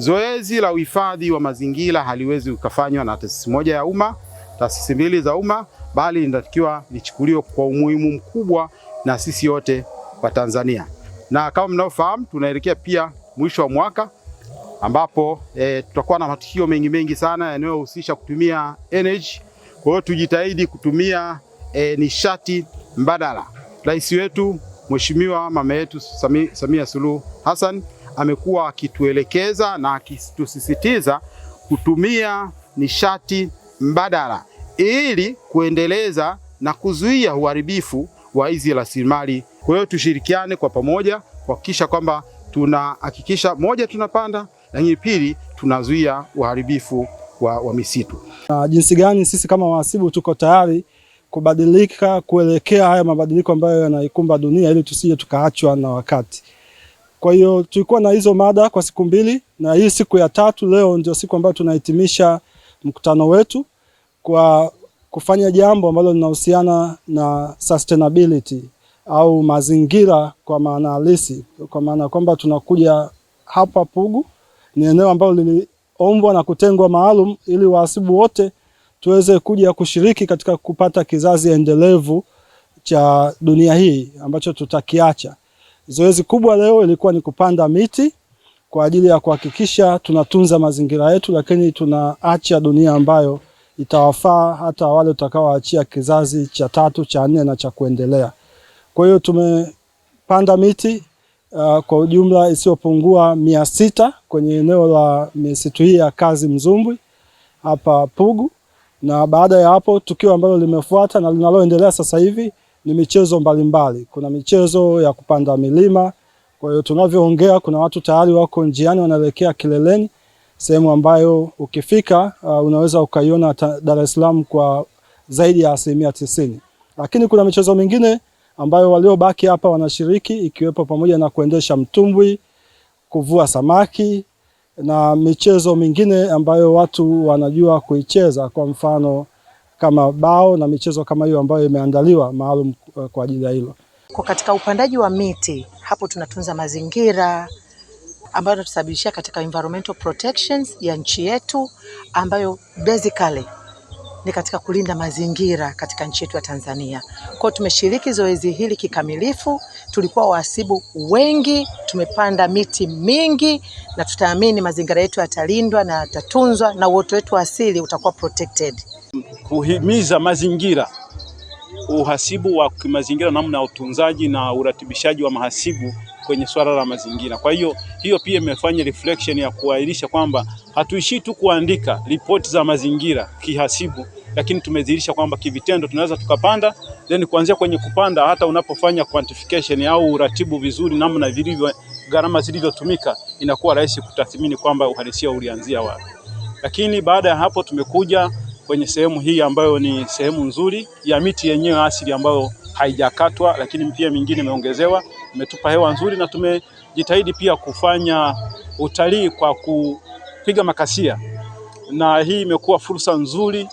Zoezi la uhifadhi wa mazingira haliwezi ukafanywa na taasisi moja ya umma, taasisi mbili za umma, bali inatakiwa lichukuliwe kwa umuhimu mkubwa na sisi wote wa Tanzania. Na kama mnavyofahamu, tunaelekea pia mwisho wa mwaka ambapo e, tutakuwa na matukio mengi mengi sana yanayohusisha kutumia energy. Kwa hiyo tujitahidi kutumia e, nishati mbadala. Rais wetu Mheshimiwa mama yetu Samia Suluhu Hassan amekuwa akituelekeza na akitusisitiza kutumia nishati mbadala ili kuendeleza na kuzuia uharibifu wa hizi rasilimali. Kwa hiyo tushirikiane kwa pamoja kuhakikisha kwamba tunahakikisha moja, tunapanda lakini pili, tunazuia uharibifu wa, wa misitu. Na jinsi gani sisi kama wahasibu tuko tayari kubadilika kuelekea haya mabadiliko ambayo yanaikumba dunia ili tusije tukaachwa na wakati. Kwa hiyo tulikuwa na hizo mada kwa siku mbili, na hii siku ya tatu leo ndio siku ambayo tunahitimisha mkutano wetu kwa kufanya jambo ambalo linahusiana na sustainability au mazingira kwa maana halisi, kwa maana kwamba tunakuja hapa Pugu, ni eneo ambalo liliombwa na kutengwa maalum ili wahasibu wote tuweze kuja kushiriki katika kupata kizazi endelevu cha dunia hii ambacho tutakiacha. Zoezi kubwa leo ilikuwa ni kupanda miti kwa ajili ya kuhakikisha tunatunza mazingira yetu, lakini tunaacha dunia ambayo itawafaa hata wale tutakaoachia kizazi cha tatu, cha nne na cha kuendelea. Kwa hiyo tumepanda miti uh, kwa ujumla isiyopungua mia sita kwenye eneo la misitu hii ya Kazi Mzumbwi hapa Pugu, na baada ya hapo tukio ambalo limefuata na linaloendelea sasa hivi ni michezo mbalimbali. Kuna michezo ya kupanda milima, kwa hiyo tunavyoongea kuna watu tayari wako njiani wanaelekea kileleni, sehemu ambayo ukifika uh, unaweza ukaiona Dar es Salaam kwa zaidi ya asilimia tisini. Lakini kuna michezo mingine ambayo waliobaki hapa wanashiriki ikiwepo pamoja na kuendesha mtumbwi, kuvua samaki na michezo mingine ambayo watu wanajua kuicheza, kwa mfano kama bao na michezo kama hiyo ambayo imeandaliwa maalum eh, kwa ajili ya hilo. Kwa katika upandaji wa miti hapo tunatunza mazingira ambayo natusababishia katika environmental protections ya nchi yetu ambayo basically ni katika kulinda mazingira katika nchi yetu ya Tanzania. Kwa tumeshiriki zoezi hili kikamilifu, tulikuwa wahasibu wengi, tumepanda miti mingi na tutaamini mazingira yetu yatalindwa na yatatunzwa na uoto wetu asili utakuwa protected kuhimiza mazingira, uhasibu wa kimazingira, namna ya utunzaji na uratibishaji wa mahasibu kwenye swala la mazingira. Kwa hiyo hiyo pia imefanya reflection ya kuahirisha kwamba hatuishii tu kuandika ripoti za mazingira kihasibu, lakini tumedhihirisha kwamba kivitendo tunaweza tukapanda, then kuanzia kwenye kupanda hata unapofanya quantification au uratibu vizuri, namna vilivyo gharama zilivyotumika, inakuwa rahisi kutathmini kwamba uhalisia ulianzia wapi. Lakini baada ya hapo tumekuja kwenye sehemu hii ambayo ni sehemu nzuri ya miti yenyewe asili ambayo haijakatwa, lakini pia mingine imeongezewa, imetupa hewa nzuri, na tumejitahidi pia kufanya utalii kwa kupiga makasia, na hii imekuwa fursa nzuri.